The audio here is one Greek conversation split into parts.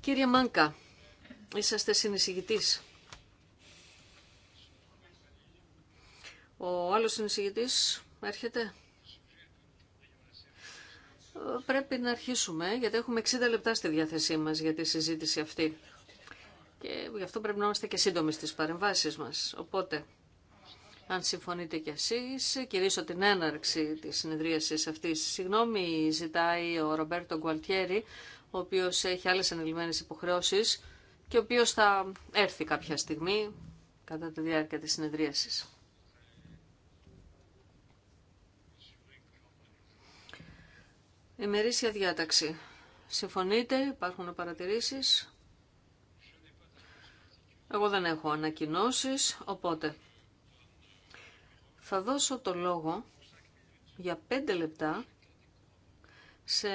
Κύριε Μάνκα, είσαστε συνεισηγητής. Ο άλλος συνεισηγητής έρχεται. Ε, πρέπει να αρχίσουμε, γιατί έχουμε 60 λεπτά στη διάθεσή μας για τη συζήτηση αυτή. Και γι' αυτό πρέπει να είμαστε και σύντομοι στις παρεμβάσεις μας. Οπότε, αν συμφωνείτε κι εσείς, κυρίσω την έναρξη της συνεδρίασης αυτής. Συγγνώμη ζητάει ο Ρομπέρτο Γκουαλτιέρη, ο οποίος έχει άλλες ανελημμένες υποχρεώσεις και ο οποίος θα έρθει κάποια στιγμή κατά τη διάρκεια της συνεδρίασης. Ημερήσια διάταξη. Συμφωνείτε, υπάρχουν παρατηρήσεις. Εγώ δεν έχω ανακοινώσεις, οπότε θα δώσω το λόγο για 5 λεπτά σε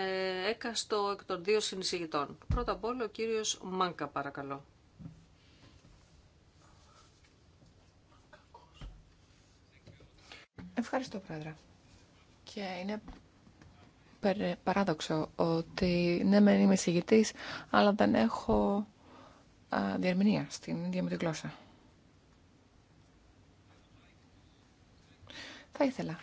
έκαστο εκ των δύο συνεισηγητών. Πρώτα απ' όλα ο κύριος Μάνκα παρακαλώ. Ευχαριστώ πρόεδρε. Και είναι παράδοξο ότι ναι μεν είμαι συγητής αλλά δεν έχω διαρμηνία στην ίδια μου τη γλώσσα. Θα ήθελα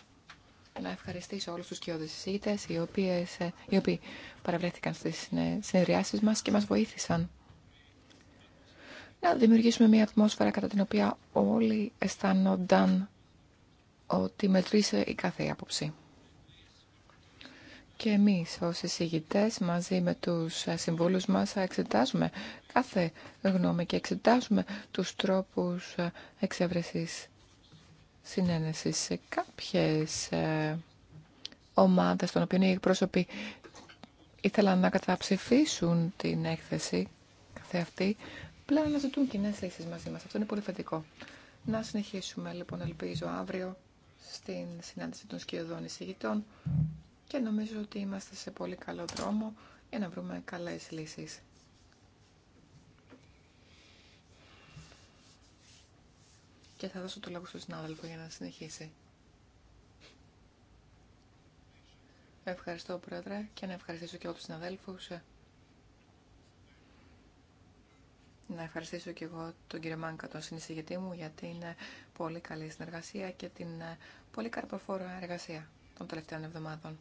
να ευχαριστήσω όλους τους κοιόδες συζήτητες οι, οποίες, ε, οι οποίοι παραβρέθηκαν στις συνεδριάσεις μας και μας βοήθησαν να δημιουργήσουμε μια ατμόσφαιρα κατά την οποία όλοι αισθάνονταν ότι μετρήσε η κάθε άποψη. Και εμείς ως εισηγητές μαζί με τους ε, συμβούλους μας εξετάζουμε κάθε γνώμη και εξετάζουμε τους τρόπους ε, εξεύρεσης συνένεση σε κάποιες ε, ομάδες των οποίων οι εκπρόσωποι ήθελαν να καταψηφίσουν την έκθεση καθεαυτή, πλέον να ζητούν κοινέ λύσεις μαζί μας. Αυτό είναι πολύ θετικό. Να συνεχίσουμε λοιπόν, ελπίζω, αύριο στην συνάντηση των σκιωδών εισηγητών και νομίζω ότι είμαστε σε πολύ καλό δρόμο για να βρούμε καλές λύσεις. και θα δώσω το λόγο στον συνάδελφο για να συνεχίσει. Ευχαριστώ, Πρόεδρε, και να ευχαριστήσω και εγώ του συναδέλφου. Να ευχαριστήσω και εγώ τον κύριο Μάνκα, τον συνεισηγητή μου, για την ε, πολύ καλή συνεργασία και την ε, πολύ καρποφόρο εργασία των τελευταίων εβδομάδων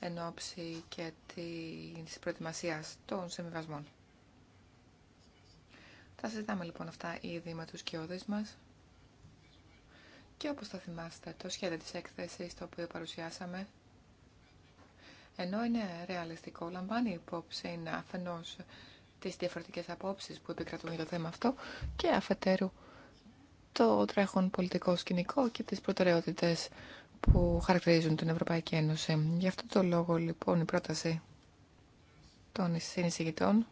εν ώψη και της προετοιμασίας των συμβιβασμών. Τα συζητάμε λοιπόν αυτά ήδη με τους κοιόδες μας. Και όπως θα θυμάστε, το σχέδιο της έκθεσης το οποίο παρουσιάσαμε, ενώ είναι ρεαλιστικό, λαμβάνει υπόψη είναι αφενός τις διαφορετικές απόψεις που επικρατούν για το θέμα αυτό και αφετέρου το τρέχον πολιτικό σκηνικό και τις προτεραιότητες που χαρακτηρίζουν την Ευρωπαϊκή Ένωση. Γι' αυτό το λόγο λοιπόν η πρόταση των συνεισηγητών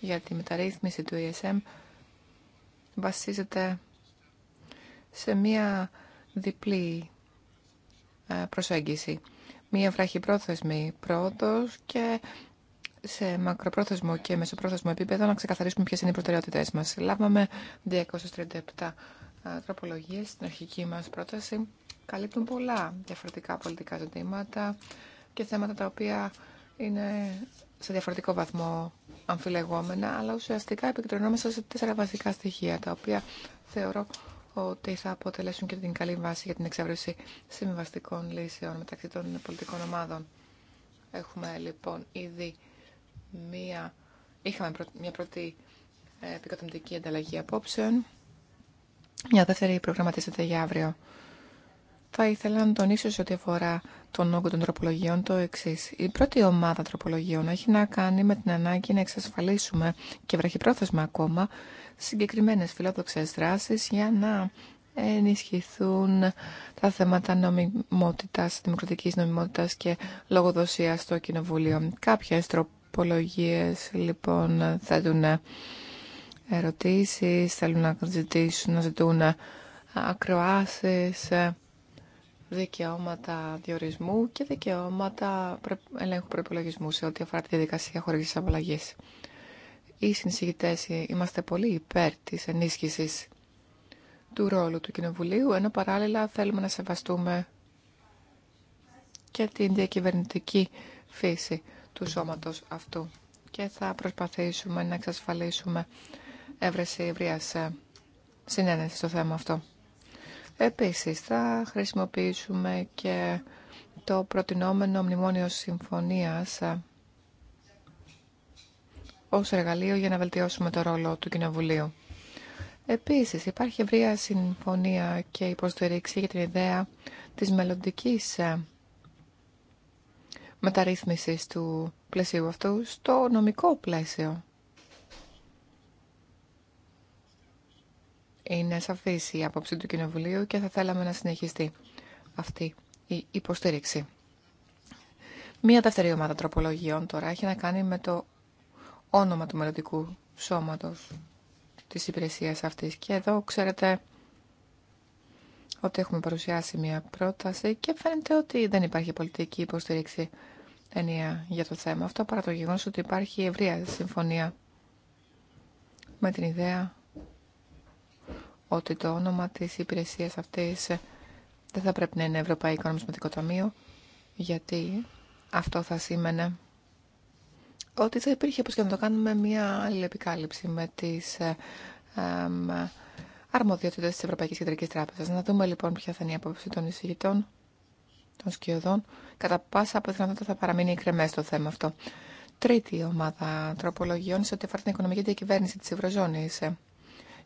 για τη μεταρρύθμιση του ESM βασίζεται σε μία διπλή ε, προσέγγιση. Μία βραχυπρόθεσμη πρώτος και σε μακροπρόθεσμο και μεσοπρόθεσμο επίπεδο να ξεκαθαρίσουμε ποιες είναι οι προτεραιότητές μας. Λάβαμε 237 ε, τροπολογίες στην αρχική μας πρόταση. Καλύπτουν πολλά διαφορετικά πολιτικά ζητήματα και θέματα τα οποία είναι σε διαφορετικό βαθμό αμφιλεγόμενα, αλλά ουσιαστικά επικεντρωνόμαστε σε τέσσερα βασικά στοιχεία, τα οποία θεωρώ ότι θα αποτελέσουν και την καλή βάση για την εξεύρεση συμβιβαστικών λύσεων μεταξύ των πολιτικών ομάδων. Έχουμε λοιπόν ήδη μία, είχαμε μια πρώτη ε, επικοδομητική ανταλλαγή απόψεων. Μια δεύτερη προγραμματίζεται για αύριο θα ήθελα να τονίσω σε ό,τι αφορά τον όγκο των τροπολογιών το εξή. Η πρώτη ομάδα τροπολογιών έχει να κάνει με την ανάγκη να εξασφαλίσουμε και βραχυπρόθεσμα ακόμα συγκεκριμένες φιλόδοξες δράσεις για να ενισχυθούν τα θέματα νομιμότητας, δημοκρατικής νομιμότητας και λογοδοσίας στο Κοινοβούλιο. Κάποιες τροπολογίες λοιπόν θέλουν ερωτήσεις, θέλουν να ζητήσουν, να ζητούν ακροάσεις, δικαιώματα διορισμού και δικαιώματα ελέγχου προπολογισμού σε ό,τι αφορά τη διαδικασία χορηγή απαλλαγή. Οι συνεισηγητέ είμαστε πολύ υπέρ τη ενίσχυση του ρόλου του Κοινοβουλίου, ενώ παράλληλα θέλουμε να σεβαστούμε και την διακυβερνητική φύση του σώματος αυτού και θα προσπαθήσουμε να εξασφαλίσουμε έβρεση ευρείας ε, συνένεση στο θέμα αυτό. Επίσης, θα χρησιμοποιήσουμε και το προτινόμενο μνημόνιο συμφωνίας ε, ως εργαλείο για να βελτιώσουμε το ρόλο του Κοινοβουλίου. Επίσης, υπάρχει ευρεία συμφωνία και υποστηρίξη για την ιδέα της μελλοντική ε, μεταρρύθμισης του πλαισίου αυτού στο νομικό πλαίσιο. Είναι σαφή η άποψη του Κοινοβουλίου και θα θέλαμε να συνεχιστεί αυτή η υποστήριξη. Μία δεύτερη ομάδα τροπολογιών τώρα έχει να κάνει με το όνομα του μελλοντικού σώματος της υπηρεσίας αυτής. Και εδώ ξέρετε ότι έχουμε παρουσιάσει μία πρόταση και φαίνεται ότι δεν υπάρχει πολιτική υποστήριξη ενία για το θέμα αυτό παρά το γεγονός ότι υπάρχει ευρεία συμφωνία με την ιδέα ότι το όνομα της υπηρεσίας αυτής δεν θα πρέπει να είναι Ευρωπαϊκό Νομισματικό Ταμείο, γιατί αυτό θα σήμαινε ότι θα υπήρχε, όπως και να το κάνουμε, μια άλλη επικάλυψη με τις ε, ε, αρμοδιότητες της Ευρωπαϊκής Κεντρικής Τράπεζας. Να δούμε λοιπόν ποια θα είναι η απόψη των εισηγητών, των σκιωδών. Κατά πάσα πιθανότητα θα παραμείνει κρεμές το θέμα αυτό. Τρίτη ομάδα τροπολογιών σε ό,τι αφορά την οικονομική διακυβέρνηση της Ευρωζώνης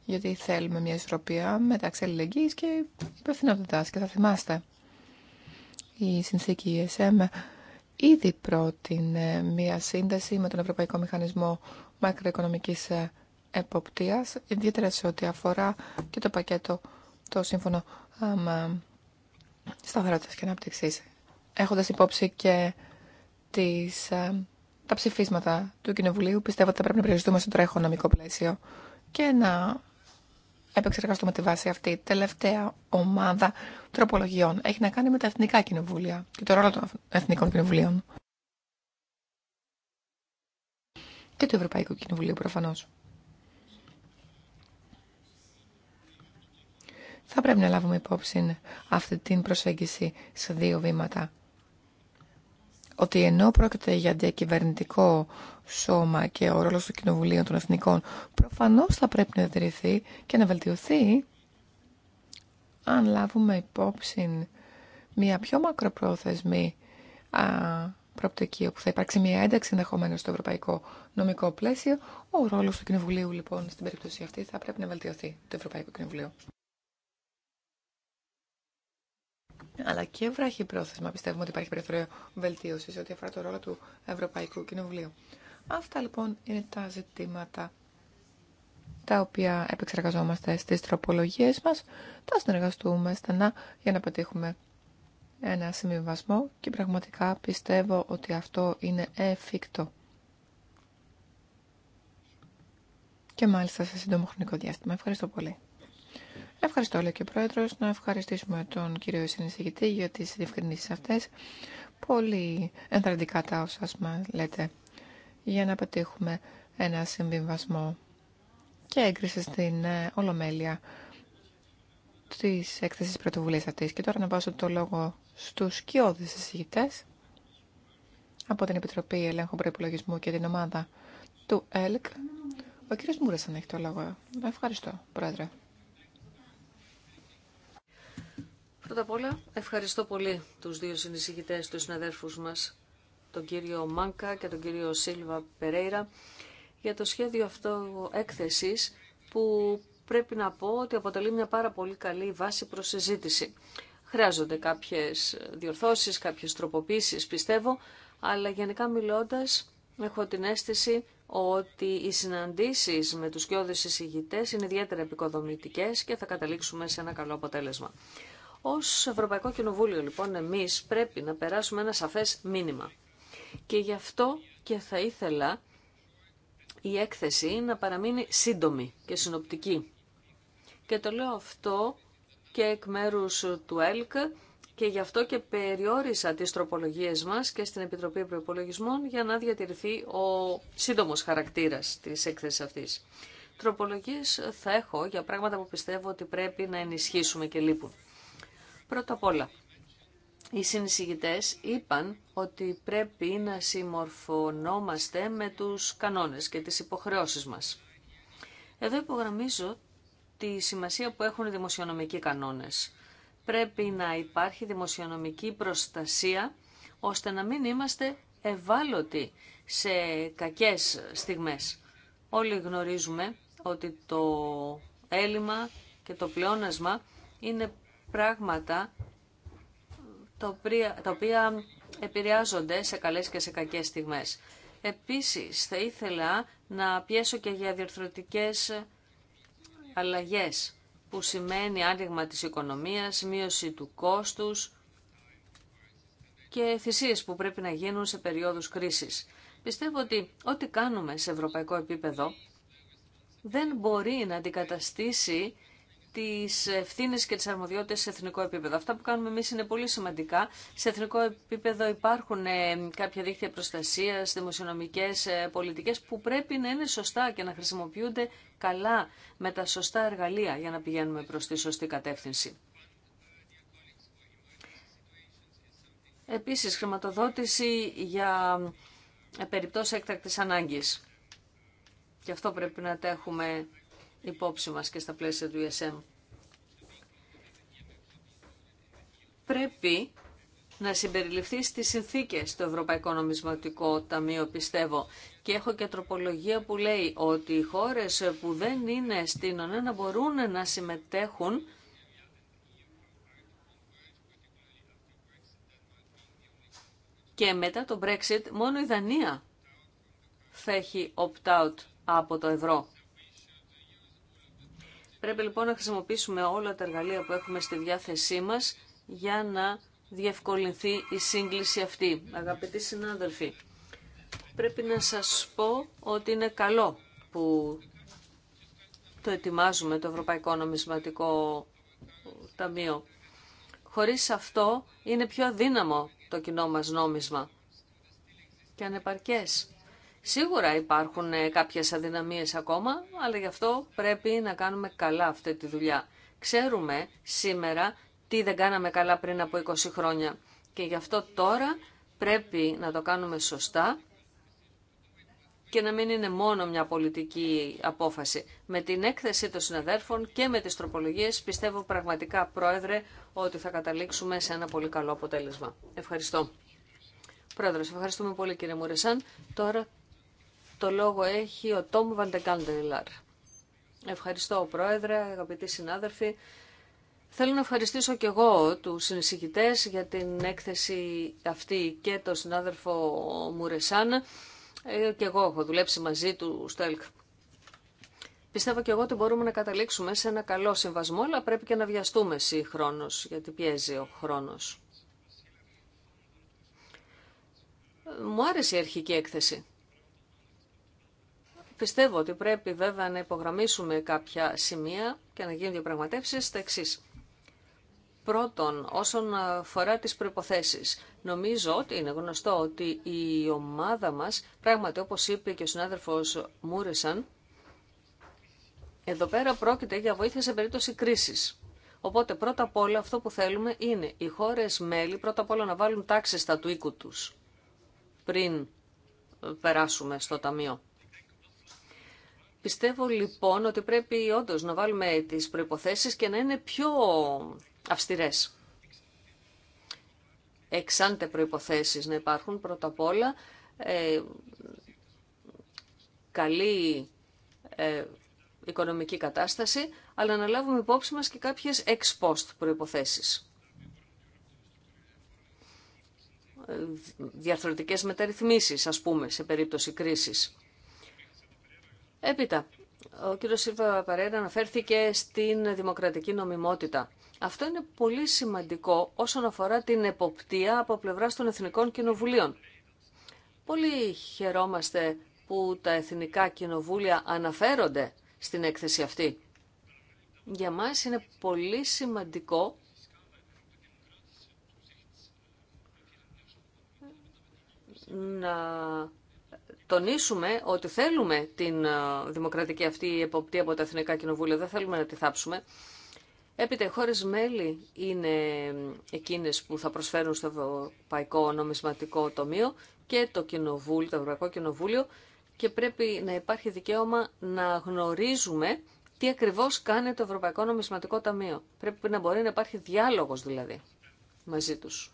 γιατί θέλουμε μια ισορροπία μεταξύ αλληλεγγύη και υπευθυνότητα και θα θυμάστε. Η συνθήκη ESM ήδη πρότεινε μια σύνδεση με τον Ευρωπαϊκό Μηχανισμό Μακροοικονομικής ε, Εποπτείας, ιδιαίτερα σε ό,τι αφορά και το πακέτο, το σύμφωνο σταθερότητας και ανάπτυξης, έχοντας υπόψη και τις, ε, τα ψηφίσματα του Κοινοβουλίου, πιστεύω ότι θα πρέπει να περιοριστούμε στο τρέχον νομικό πλαίσιο και να επεξεργαστούμε τη βάση αυτή. Η τελευταία ομάδα τροπολογιών έχει να κάνει με τα εθνικά κοινοβούλια και το ρόλο των εθνικών κοινοβουλίων. Και του Ευρωπαϊκού Κοινοβουλίου Προφανώ. Θα πρέπει να λάβουμε υπόψη αυτή την προσέγγιση σε δύο βήματα ότι ενώ πρόκειται για διακυβερνητικό σώμα και ο ρόλος του Κοινοβουλίου των Εθνικών προφανώς θα πρέπει να διατηρηθεί και να βελτιωθεί αν λάβουμε υπόψη μια πιο μακροπρόθεσμη α, προοπτική όπου θα υπάρξει μια ένταξη ενδεχομένω στο ευρωπαϊκό νομικό πλαίσιο, ο ρόλος του Κοινοβουλίου λοιπόν στην περίπτωση αυτή θα πρέπει να βελτιωθεί, το Ευρωπαϊκό Κοινοβουλίο. αλλά και βράχει πρόθεσμα. Πιστεύουμε ότι υπάρχει περιθώριο βελτίωση ό,τι αφορά το ρόλο του Ευρωπαϊκού Κοινοβουλίου. Αυτά λοιπόν είναι τα ζητήματα τα οποία επεξεργαζόμαστε στις τροπολογίε μας. Τα συνεργαστούμε στενά για να πετύχουμε ένα συμβιβασμό και πραγματικά πιστεύω ότι αυτό είναι εφικτό. Και μάλιστα σε σύντομο χρονικό διάστημα. Ευχαριστώ πολύ. Ευχαριστώ, λέει και ο Πρόεδρο, να ευχαριστήσουμε τον κύριο Συνεισηγητή για τι διευκρινήσει αυτέ. Πολύ ενθαρρυντικά τα όσα μα λέτε για να πετύχουμε ένα συμβιβασμό και έγκριση στην ε, Ολομέλεια τη έκθεση πρωτοβουλία αυτή. Και τώρα να βάζω το λόγο στου σκιώδει εισηγητέ από την Επιτροπή Ελέγχου Προπολογισμού και την ομάδα του ΕΛΚ. Ο κύριος Μούρας αν έχει το λόγο. Ευχαριστώ, Πρόεδρε. ευχαριστώ πολύ τους δύο συνεισηγητές, τους συναδέρφους μας, τον κύριο Μάνκα και τον κύριο Σίλβα Περέιρα, για το σχέδιο αυτό έκθεσης που πρέπει να πω ότι αποτελεί μια πάρα πολύ καλή βάση προς συζήτηση. Χρειάζονται κάποιες διορθώσεις, κάποιες τροποποίησεις πιστεύω, αλλά γενικά μιλώντας έχω την αίσθηση ότι οι συναντήσεις με τους κοιόδες εισηγητές είναι ιδιαίτερα επικοδομητικές και θα καταλήξουμε σε ένα καλό αποτέλεσμα. Ως Ευρωπαϊκό Κοινοβούλιο λοιπόν εμείς πρέπει να περάσουμε ένα σαφές μήνυμα. Και γι' αυτό και θα ήθελα η έκθεση να παραμείνει σύντομη και συνοπτική. Και το λέω αυτό και εκ μέρους του ΕΛΚ και γι' αυτό και περιόρισα τις τροπολογίες μας και στην Επιτροπή Προπολογισμών για να διατηρηθεί ο σύντομος χαρακτήρας της έκθεσης αυτής. Τροπολογίες θα έχω για πράγματα που πιστεύω ότι πρέπει να ενισχύσουμε και λείπουν. Πρώτα απ' όλα, οι συνεισηγητές είπαν ότι πρέπει να συμμορφωνόμαστε με τους κανόνες και τις υποχρεώσεις μας. Εδώ υπογραμμίζω τη σημασία που έχουν οι δημοσιονομικοί κανόνες. Πρέπει να υπάρχει δημοσιονομική προστασία ώστε να μην είμαστε ευάλωτοι σε κακές στιγμές. Όλοι γνωρίζουμε ότι το έλλειμμα και το πλεόνασμα είναι πράγματα τα οποία επηρεάζονται σε καλές και σε κακές στιγμές. Επίσης, θα ήθελα να πιέσω και για διορθωτικές αλλαγές, που σημαίνει άνοιγμα της οικονομίας, μείωση του κόστους και θυσίες που πρέπει να γίνουν σε περίοδους κρίσης. Πιστεύω ότι ό,τι κάνουμε σε ευρωπαϊκό επίπεδο δεν μπορεί να αντικαταστήσει τις ευθύνε και τις αρμοδιότητες σε εθνικό επίπεδο. Αυτά που κάνουμε εμεί είναι πολύ σημαντικά. Σε εθνικό επίπεδο υπάρχουν ε, κάποια δίκτυα προστασίας, δημοσιονομικές ε, πολιτικές που πρέπει να είναι σωστά και να χρησιμοποιούνται καλά με τα σωστά εργαλεία για να πηγαίνουμε προς τη σωστή κατεύθυνση. Επίσης, χρηματοδότηση για ε, περιπτώσεις έκτακτης ανάγκης. Και αυτό πρέπει να τα έχουμε υπόψη μας και στα πλαίσια του ESM. Πρέπει να συμπεριληφθεί στις συνθήκες το Ευρωπαϊκό Νομισματικό Ταμείο, πιστεύω. Και έχω και τροπολογία που λέει ότι οι χώρες που δεν είναι στην ΟΝΕ να μπορούν να συμμετέχουν και μετά το Brexit μόνο η Δανία θα έχει opt-out από το ευρώ. Πρέπει λοιπόν να χρησιμοποιήσουμε όλα τα εργαλεία που έχουμε στη διάθεσή μας για να διευκολυνθεί η σύγκληση αυτή. Αγαπητοί συνάδελφοι, πρέπει να σας πω ότι είναι καλό που το ετοιμάζουμε το Ευρωπαϊκό Νομισματικό Ταμείο. Χωρίς αυτό είναι πιο αδύναμο το κοινό μας νόμισμα και ανεπαρκές. Σίγουρα υπάρχουν ε, κάποιες αδυναμίες ακόμα, αλλά γι' αυτό πρέπει να κάνουμε καλά αυτή τη δουλειά. Ξέρουμε σήμερα τι δεν κάναμε καλά πριν από 20 χρόνια και γι' αυτό τώρα πρέπει να το κάνουμε σωστά και να μην είναι μόνο μια πολιτική απόφαση. Με την έκθεση των συναδέρφων και με τις τροπολογίες πιστεύω πραγματικά, Πρόεδρε, ότι θα καταλήξουμε σε ένα πολύ καλό αποτέλεσμα. Ευχαριστώ. Πρόεδρος, ευχαριστούμε πολύ κύριε Μουρεσάν. Τώρα το λόγο έχει ο Τόμ Βαντεκάντελλαρ. Ευχαριστώ, Πρόεδρε, αγαπητοί συνάδελφοι. Θέλω να ευχαριστήσω και εγώ του συνεισηγητές για την έκθεση αυτή και τον συνάδελφο Μουρεσάν. Ε, και εγώ έχω δουλέψει μαζί του στο ΕΛΚ. Πιστεύω και εγώ ότι μπορούμε να καταλήξουμε σε ένα καλό συμβασμό, αλλά πρέπει και να βιαστούμε χρόνος, γιατί πιέζει ο χρόνο. Μου άρεσε η αρχική έκθεση. Πιστεύω ότι πρέπει βέβαια να υπογραμμίσουμε κάποια σημεία και να γίνουν διαπραγματεύσεις τα εξή. Πρώτον, όσον αφορά τις προϋποθέσεις, νομίζω ότι είναι γνωστό ότι η ομάδα μας, πράγματι όπως είπε και ο συνάδελφος Μούρισαν, εδώ πέρα πρόκειται για βοήθεια σε περίπτωση κρίσης. Οπότε πρώτα απ' όλα αυτό που θέλουμε είναι οι χώρες μέλη πρώτα απ' όλα να βάλουν τάξη στα του οίκου τους πριν περάσουμε στο ταμείο. Πιστεύω λοιπόν ότι πρέπει όντω να βάλουμε τις προϋποθέσεις και να είναι πιο αυστηρές. Εξάντε προϋποθέσεις να υπάρχουν πρώτα απ' όλα ε, καλή ε, οικονομική κατάσταση, αλλά να λάβουμε υπόψη μας και κάποιες ex post προϋποθέσεις. Ε, διαρθρωτικές μεταρρυθμίσεις, ας πούμε, σε περίπτωση κρίσης. Έπειτα, ο κύριο Σίλβα Παρέρα αναφέρθηκε στην δημοκρατική νομιμότητα. Αυτό είναι πολύ σημαντικό όσον αφορά την εποπτεία από πλευρά των Εθνικών Κοινοβουλίων. Πολύ χαιρόμαστε που τα Εθνικά Κοινοβούλια αναφέρονται στην έκθεση αυτή. Για μας είναι πολύ σημαντικό να τονίσουμε ότι θέλουμε την ε, δημοκρατική αυτή εποπτεία από τα Εθνικά Κοινοβούλια, δεν θέλουμε να τη θάψουμε. Έπειτα, οι χώρε μέλη είναι ε, εκείνες που θα προσφέρουν στο Ευρωπαϊκό Νομισματικό Τομείο και το, κοινοβούλιο, το Ευρωπαϊκό Κοινοβούλιο και πρέπει να υπάρχει δικαίωμα να γνωρίζουμε τι ακριβώς κάνει το Ευρωπαϊκό Νομισματικό Ταμείο. Πρέπει να μπορεί να υπάρχει διάλογος δηλαδή μαζί τους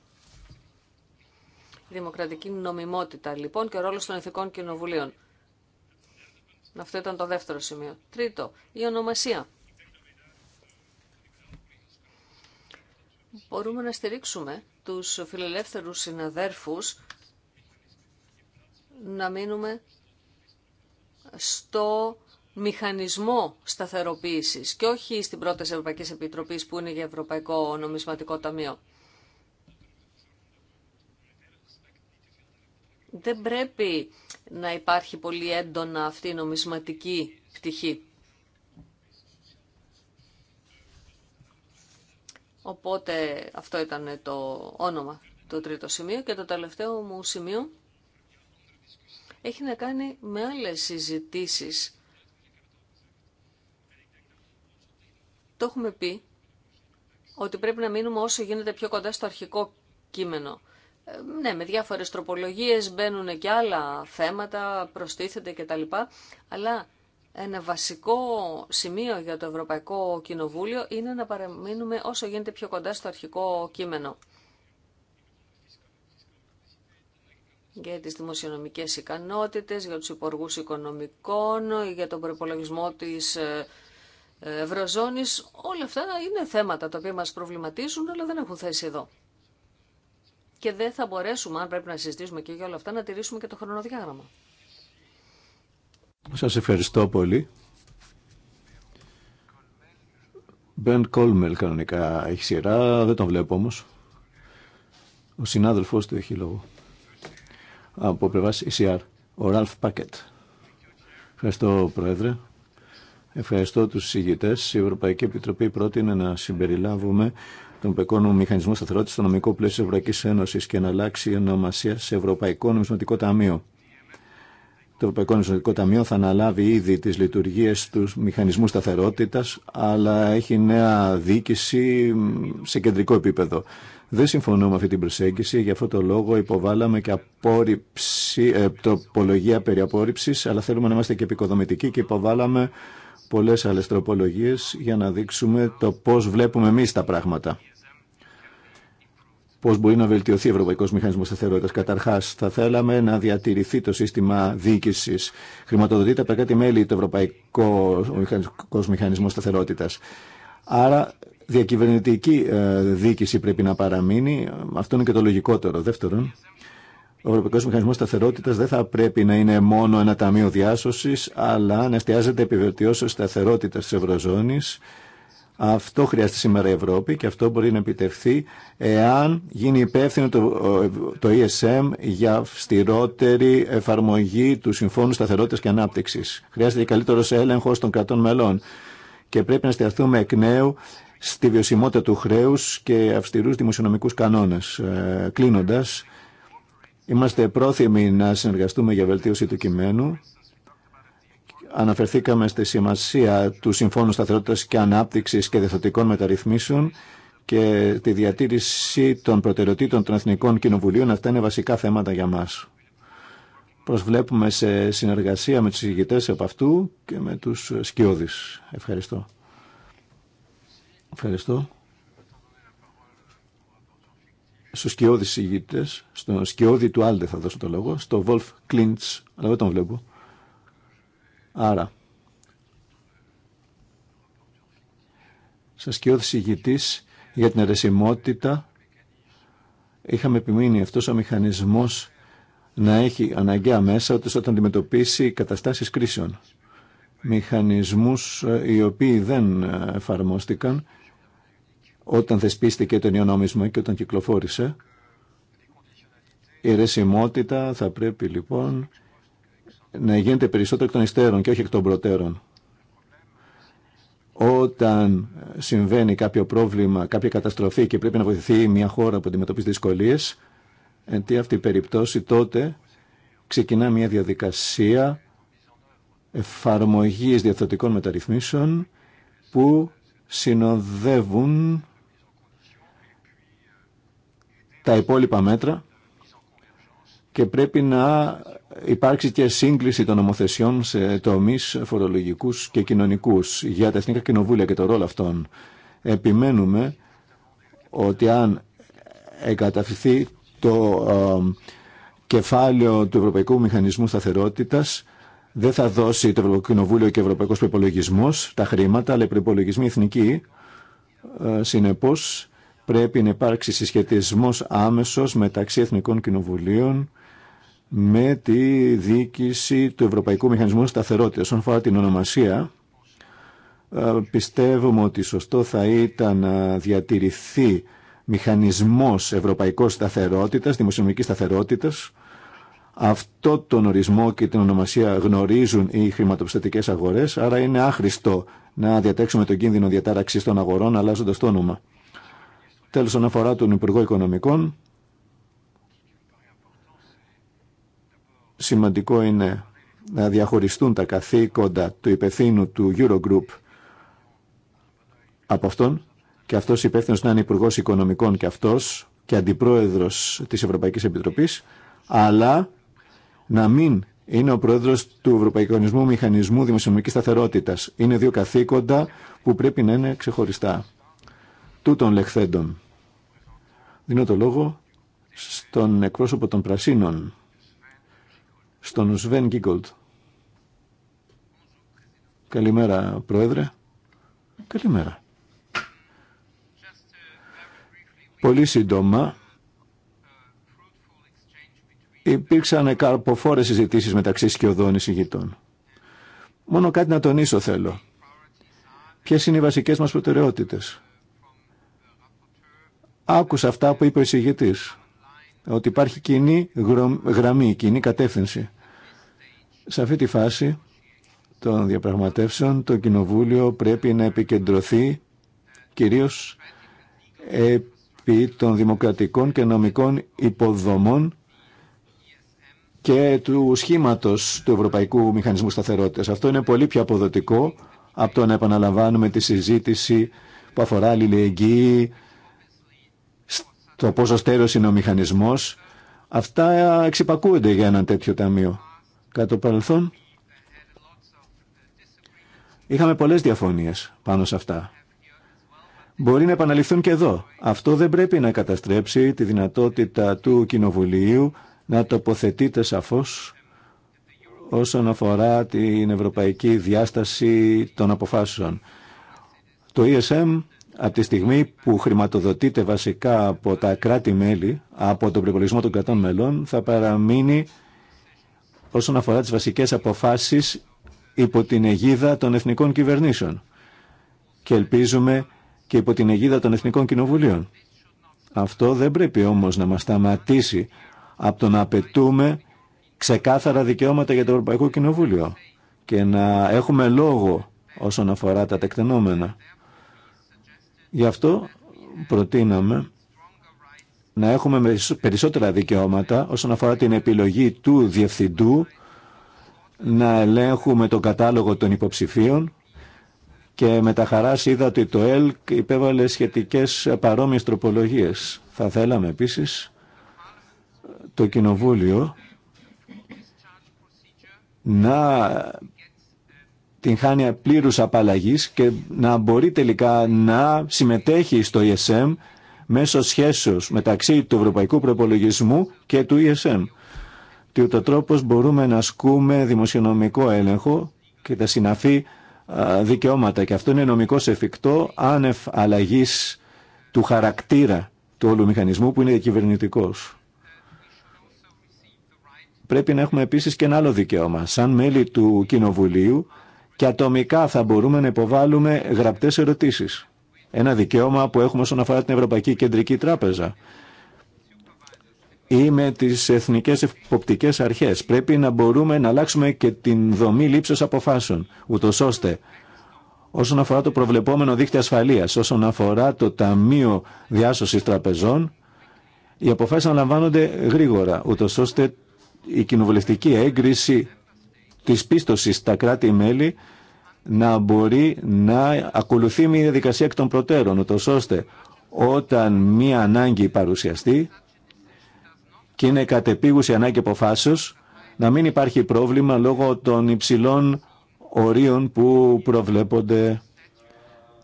δημοκρατική νομιμότητα λοιπόν και ο ρόλος των ηθικών κοινοβουλίων. Αυτό ήταν το δεύτερο σημείο. Τρίτο, η ονομασία. Μπορούμε να στηρίξουμε τους φιλελεύθερους συναδέρφους να μείνουμε στο μηχανισμό σταθεροποίησης και όχι στην πρόταση Ευρωπαϊκής Επιτροπής που είναι για Ευρωπαϊκό Νομισματικό Ταμείο. δεν πρέπει να υπάρχει πολύ έντονα αυτή η νομισματική πτυχή. Οπότε αυτό ήταν το όνομα, το τρίτο σημείο. Και το τελευταίο μου σημείο έχει να κάνει με άλλες συζητήσεις. Το έχουμε πει ότι πρέπει να μείνουμε όσο γίνεται πιο κοντά στο αρχικό κείμενο. Ε, ναι, με διάφορες τροπολογίες μπαίνουν και άλλα θέματα, προστίθενται κτλ. Αλλά ένα βασικό σημείο για το Ευρωπαϊκό Κοινοβούλιο είναι να παραμείνουμε όσο γίνεται πιο κοντά στο αρχικό κείμενο. για τις δημοσιονομικές ικανότητες, για τους υπουργούς οικονομικών, για τον προπολογισμό της ε, ε, Ευρωζώνης. Όλα αυτά είναι θέματα τα οποία μας προβληματίζουν, αλλά δεν έχουν θέση εδώ και δεν θα μπορέσουμε, αν πρέπει να συζητήσουμε και για όλα αυτά, να τηρήσουμε και το χρονοδιάγραμμα. Σας ευχαριστώ πολύ. Μπεν Κόλμελ κανονικά έχει σειρά, δεν τον βλέπω όμως. Ο συνάδελφός του έχει λόγο. Από πλευράς ECR, ο Ραλφ Πάκετ. Ευχαριστώ Πρόεδρε. Ευχαριστώ τους συγγητές. Η Ευρωπαϊκή Επιτροπή πρότεινε να συμπεριλάβουμε των Πεκών Μηχανισμού Σταθερότητα στο νομικό πλαίσιο Ευρωπαϊκή Ένωση και να αλλάξει η ονομασία σε Ευρωπαϊκό Νομισματικό Ταμείο. Το Ευρωπαϊκό Νομισματικό Ταμείο θα αναλάβει ήδη τι λειτουργίε του μηχανισμού σταθερότητα, αλλά έχει νέα διοίκηση σε κεντρικό επίπεδο. Δεν συμφωνώ με αυτή την προσέγγιση, γι' αυτό το λόγο υποβάλαμε και απόρριψη, ε, τοπολογία περί αλλά θέλουμε να είμαστε και επικοδομητικοί και υποβάλαμε πολλές άλλες τροπολογίες για να δείξουμε το πώς βλέπουμε εμείς τα πράγματα. Πώς μπορεί να βελτιωθεί ο Ευρωπαϊκός Μηχανισμός Σταθερότητας. Καταρχάς, θα θέλαμε να διατηρηθεί το σύστημα διοίκησης. Χρηματοδοτείται από κάτι μέλη το Ευρωπαϊκό Μηχανισμό Σταθερότητας. Άρα διακυβερνητική ε, διοίκηση πρέπει να παραμείνει. Αυτό είναι και το λογικότερο. Δεύτερον, ο Ευρωπαϊκό Μηχανισμό Σταθερότητα δεν θα πρέπει να είναι μόνο ένα ταμείο διάσωση, αλλά να εστιάζεται επιβελτιώσεω σταθερότητα τη Ευρωζώνη. Αυτό χρειάζεται σήμερα η Ευρώπη και αυτό μπορεί να επιτευχθεί εάν γίνει υπεύθυνο το, το ESM για αυστηρότερη εφαρμογή του Συμφώνου Σταθερότητας και Ανάπτυξης. Χρειάζεται και καλύτερος έλεγχος των κρατών μελών και πρέπει να στιαθούμε εκ νέου στη βιωσιμότητα του χρέους και αυστηρού δημοσιονομικούς κανόνες. Ε, κλείνοντα. Είμαστε πρόθυμοι να συνεργαστούμε για βελτίωση του κειμένου. Αναφερθήκαμε στη σημασία του Συμφώνου Σταθερότητας και Ανάπτυξης και Δεθωτικών Μεταρρυθμίσεων και τη διατήρηση των προτεραιοτήτων των Εθνικών Κοινοβουλίων. Αυτά είναι βασικά θέματα για μας. Προσβλέπουμε σε συνεργασία με τους ηγητές από αυτού και με τους σκιώδεις. Ευχαριστώ. Ευχαριστώ στους σκιώδεις ηγητές, στον σκιώδη του Άλντε θα δώσω το λόγο, στο Βολφ Κλίντς, αλλά δεν τον βλέπω. Άρα, σαν σκιώδης για την αρεσιμότητα, είχαμε επιμείνει αυτός ο μηχανισμός να έχει αναγκαία μέσα όταν αντιμετωπίσει καταστάσεις κρίσεων. Μηχανισμούς ε, οι οποίοι δεν ε, εφαρμόστηκαν όταν θεσπίστηκε το νόμισμα και όταν κυκλοφόρησε. Η ρεσιμότητα θα πρέπει λοιπόν να γίνεται περισσότερο εκ των υστέρων και όχι εκ των προτέρων. Όταν συμβαίνει κάποιο πρόβλημα, κάποια καταστροφή και πρέπει να βοηθηθεί μια χώρα που αντιμετωπίζει δυσκολίε, εν τί αυτή η περιπτώση τότε ξεκινά μια διαδικασία εφαρμογής διαθωτικών μεταρρυθμίσεων που συνοδεύουν τα υπόλοιπα μέτρα και πρέπει να υπάρξει και σύγκληση των νομοθεσιών σε τομείς φορολογικούς και κοινωνικούς για τα εθνικά κοινοβούλια και το ρόλο αυτών. Επιμένουμε ότι αν εγκαταφυθεί το ε, κεφάλαιο του Ευρωπαϊκού Μηχανισμού Σταθερότητας δεν θα δώσει το Ευρωπαϊκό Κοινοβούλιο και ο Ευρωπαϊκός Προπολογισμό τα χρήματα, αλλά οι προπολογισμοί εθνικοί ε, συνεπώς Πρέπει να υπάρξει συσχετισμός άμεσος μεταξύ Εθνικών Κοινοβουλίων με τη διοίκηση του Ευρωπαϊκού Μηχανισμού Σταθερότητας. Όσον αφορά την ονομασία, ε, πιστεύουμε ότι σωστό θα ήταν να διατηρηθεί μηχανισμός ευρωπαϊκός σταθερότητας, Δημοσιονομική σταθερότητας. Αυτό τον ορισμό και την ονομασία γνωρίζουν οι χρηματοπιστωτικές αγορές, άρα είναι άχρηστο να διατέξουμε τον κίνδυνο διατάραξης των αγορών αλλάζοντας το όνομα. Τέλος, όσον αφορά τον Υπουργό Οικονομικών, σημαντικό είναι να διαχωριστούν τα καθήκοντα του υπευθύνου του Eurogroup από αυτόν και αυτός υπεύθυνος να είναι υπουργό Οικονομικών και αυτός και αντιπρόεδρος της Ευρωπαϊκής Επιτροπής, αλλά να μην είναι ο πρόεδρος του Ευρωπαϊκονισμού Μηχανισμού Δημοσιονομικής Σταθερότητας. Είναι δύο καθήκοντα που πρέπει να είναι ξεχωριστά. Τούτων λεχθέντων. Δίνω το λόγο στον εκπρόσωπο των Πρασίνων, στον Σβέν Γκίγκολτ. Καλημέρα, Πρόεδρε. Καλημέρα. Πολύ σύντομα, υπήρξαν καρποφόρες συζητήσεις μεταξύ σκιωδών εισηγητών. Μόνο κάτι να τονίσω θέλω. Ποιες είναι οι βασικές μας προτεραιότητες. Άκουσα αυτά που είπε ο εισηγητής, ότι υπάρχει κοινή γραμμή, κοινή κατεύθυνση. Σε αυτή τη φάση των διαπραγματεύσεων το Κοινοβούλιο πρέπει να επικεντρωθεί κυρίως επί των δημοκρατικών και νομικών υποδομών και του σχήματος του Ευρωπαϊκού Μηχανισμού Σταθερότητας. Αυτό είναι πολύ πιο αποδοτικό από το να επαναλαμβάνουμε τη συζήτηση που αφορά αλληλεγγύη, το πόσο στέρεος είναι ο μηχανισμός, αυτά εξυπακούονται για ένα τέτοιο ταμείο. Κατά το παρελθόν είχαμε πολλές διαφωνίες πάνω σε αυτά. Μπορεί να επαναληφθούν και εδώ. Αυτό δεν πρέπει να καταστρέψει τη δυνατότητα του Κοινοβουλίου να τοποθετείται σαφώς όσον αφορά την ευρωπαϊκή διάσταση των αποφάσεων. Το ESM από τη στιγμή που χρηματοδοτείται βασικά από τα κράτη-μέλη, από τον προπολογισμό των κρατών μελών, θα παραμείνει όσον αφορά τις βασικές αποφάσεις υπό την αιγίδα των εθνικών κυβερνήσεων και ελπίζουμε και υπό την αιγίδα των εθνικών κοινοβουλίων. Αυτό δεν πρέπει όμως να μας σταματήσει από το να απαιτούμε ξεκάθαρα δικαιώματα για το Ευρωπαϊκό Κοινοβούλιο και να έχουμε λόγο όσον αφορά τα τεκτενόμενα. Γι' αυτό προτείναμε να έχουμε περισσότερα δικαιώματα όσον αφορά την επιλογή του διευθυντού, να ελέγχουμε το κατάλογο των υποψηφίων και με τα χαράς είδα ότι το ΕΛΚ υπέβαλε σχετικές παρόμοιες τροπολογίες. Θα θέλαμε επίσης το Κοινοβούλιο να την χάνει πλήρου απαλλαγή και να μπορεί τελικά να συμμετέχει στο ESM μέσω σχέσεω μεταξύ του ευρωπαϊκού προπολογισμού και του ESM. Τι ο τρόπος μπορούμε να ασκούμε δημοσιονομικό έλεγχο και τα συναφή δικαιώματα και αυτό είναι νομικό εφικτό άνευ αλλαγή του χαρακτήρα του όλου μηχανισμού που είναι κυβερνητικό. Πρέπει να έχουμε επίσης και ένα άλλο δικαίωμα. Σαν μέλη του Κοινοβουλίου και ατομικά θα μπορούμε να υποβάλουμε γραπτές ερωτήσεις. Ένα δικαίωμα που έχουμε όσον αφορά την Ευρωπαϊκή Κεντρική Τράπεζα ή με τις εθνικές εποπτικές αρχές. Πρέπει να μπορούμε να αλλάξουμε και την δομή λήψεως αποφάσεων, ούτω ώστε όσον αφορά το προβλεπόμενο δίκτυο ασφαλείας, όσον αφορά το Ταμείο Διάσωσης Τραπεζών, οι αποφάσεις να λαμβάνονται γρήγορα, ούτω ώστε η κοινοβουλευτική έγκριση της πίστοσης στα κράτη-μέλη να μπορεί να ακολουθεί μια διαδικασία εκ των προτέρων, ούτως ώστε όταν μια ανάγκη παρουσιαστεί και είναι κατεπίγουση ανάγκη αποφάσεως, να μην υπάρχει πρόβλημα λόγω των υψηλών ορίων που προβλέπονται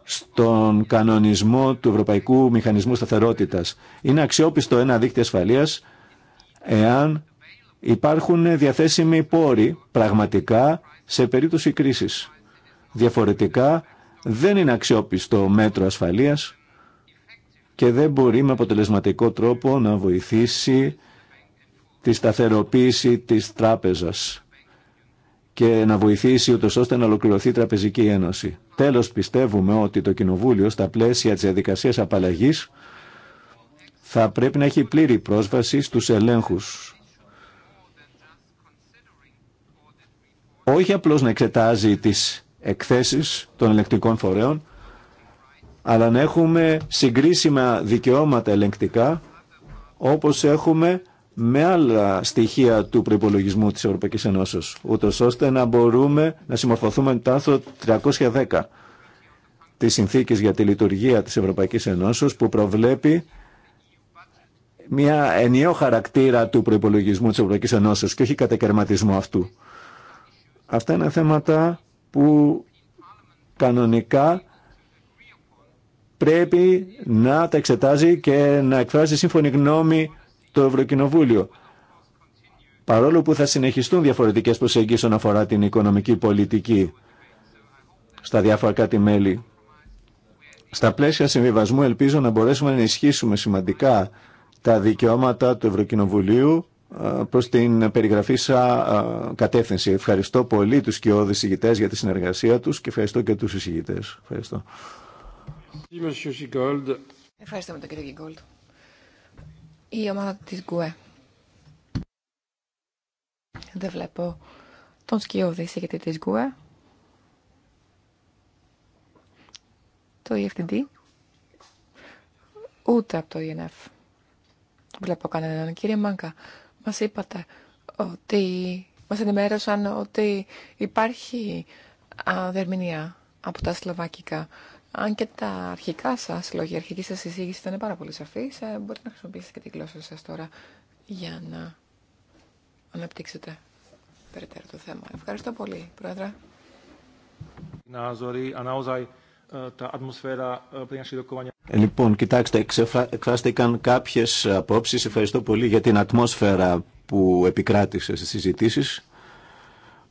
στον κανονισμό του Ευρωπαϊκού Μηχανισμού Σταθερότητας. Είναι αξιόπιστο ένα δίκτυο ασφαλείας εάν υπάρχουν διαθέσιμοι πόροι πραγματικά σε περίπτωση κρίσης. Διαφορετικά δεν είναι αξιόπιστο μέτρο ασφαλείας και δεν μπορεί με αποτελεσματικό τρόπο να βοηθήσει τη σταθεροποίηση της τράπεζας και να βοηθήσει ούτως ώστε να ολοκληρωθεί η Τραπεζική Ένωση. Τέλος πιστεύουμε ότι το Κοινοβούλιο στα πλαίσια της διαδικασίας απαλλαγής θα πρέπει να έχει πλήρη πρόσβαση στους ελέγχους όχι απλώς να εξετάζει τις εκθέσεις των ελεγκτικών φορέων, αλλά να έχουμε συγκρίσιμα δικαιώματα ελεγκτικά, όπως έχουμε με άλλα στοιχεία του προϋπολογισμού της Ευρωπαϊκής Ένωσης, ούτως ώστε να μπορούμε να συμμορφωθούμε με το άρθρο 310 της Συνθήκης για τη Λειτουργία της Ευρωπαϊκής Ενώσεως, που προβλέπει μια ενιαίο χαρακτήρα του προϋπολογισμού της Ευρωπαϊκής Ενώσεως και όχι κατακαιρματισμό αυτού. Αυτά είναι θέματα που κανονικά πρέπει να τα εξετάζει και να εκφράζει σύμφωνη γνώμη το Ευρωκοινοβούλιο. Παρόλο που θα συνεχιστούν διαφορετικές προσεγγίσεις όσον αφορά την οικονομική πολιτική στα διάφορα κάτι μέλη. Στα πλαίσια συμβιβασμού ελπίζω να μπορέσουμε να ενισχύσουμε σημαντικά τα δικαιώματα του Ευρωκοινοβουλίου ε, προς την περιγραφή σα ε, κατεύθυνση. Ευχαριστώ πολύ τους κοιόδης ηγητές για τη συνεργασία τους και ευχαριστώ και τους εισηγητές. Ευχαριστώ. Ευχαριστώ με τον κύριο Γίγκολτ. Η ομάδα της ΓΚΟΕ. Δεν βλέπω τον σκιώδη ηγητή της ΓΚΟΕ. Το EFTD. Ούτε από το ENF. Βλέπω κανέναν. Κύριε Μάνκα, μας είπατε ότι μας ενημέρωσαν ότι υπάρχει αδερμηνία από τα σλοβακικά. Αν και τα αρχικά σας λόγια, η αρχική σας εισήγηση ήταν πάρα πολύ σαφή. μπορείτε να χρησιμοποιήσετε και τη γλώσσα σας τώρα για να αναπτύξετε περαιτέρω το θέμα. Ευχαριστώ πολύ, Πρόεδρε. Ε, λοιπόν, κοιτάξτε, εκφράστηκαν κάποιες απόψεις. Ευχαριστώ πολύ για την ατμόσφαιρα που επικράτησε στις συζητήσεις.